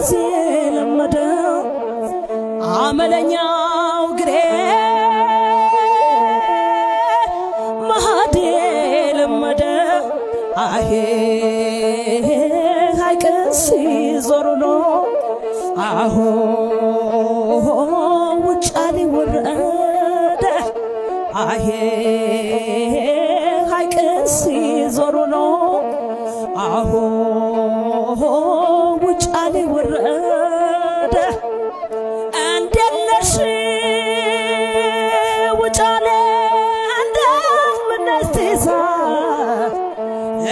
ራሴ ለመደው አመለኛው ግሬ መሃዴ ለመደ አሄ ሀይቅስ ዞሮ ነው አሆ ውጫሌ ወረደ አሄ ሀይቅስ ዞሮ ነው አሆ ውጫሌ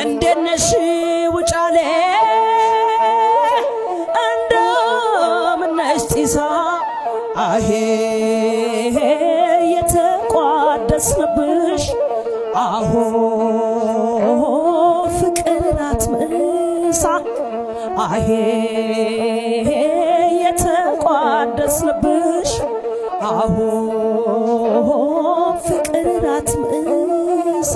እንደነሽ ውጫሌ እንደምነሽ ጢሳ አሄ የተቋደስንብሽ አሆ ፍቅራት ምሳ አሄ የተቋደስንብሽ አሆ ፍቅራት ምሳ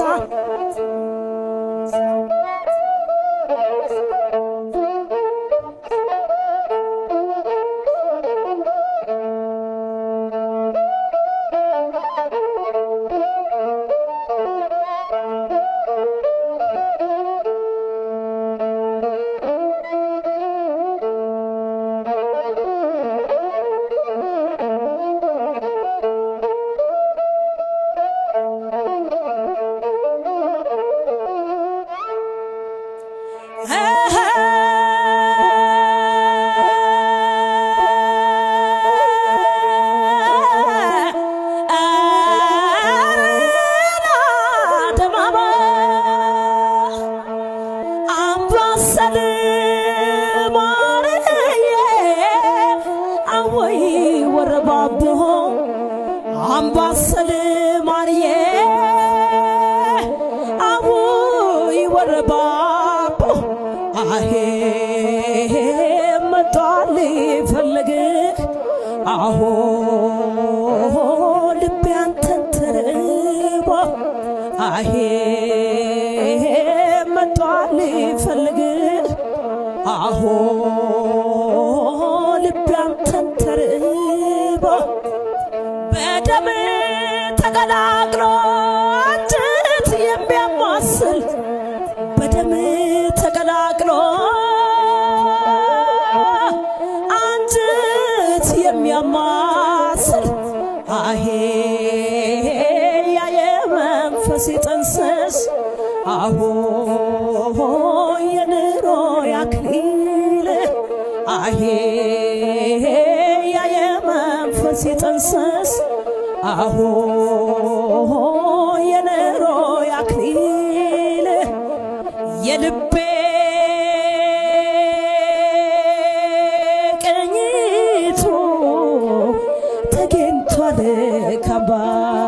አቦሆ አምባሰል ማርዬ አቡይ ወረባቦ አሄ መቷል ፈለግህ አሆ ልቤ አንተን ተርቦ አሄ መቷል ፈለግህ አሆ ደም ተቀላቅሎ አንጀት የሚያማስል በደም ተቀላቅሎ አንጀት የሚያማስል አሄ ያየ ጥንስስ አሁ የንሮ ያክሊል አሄ ያየ አሆ የነሮ አክሊል የልቤ ቅኝቱ ተገኝቷል ካባ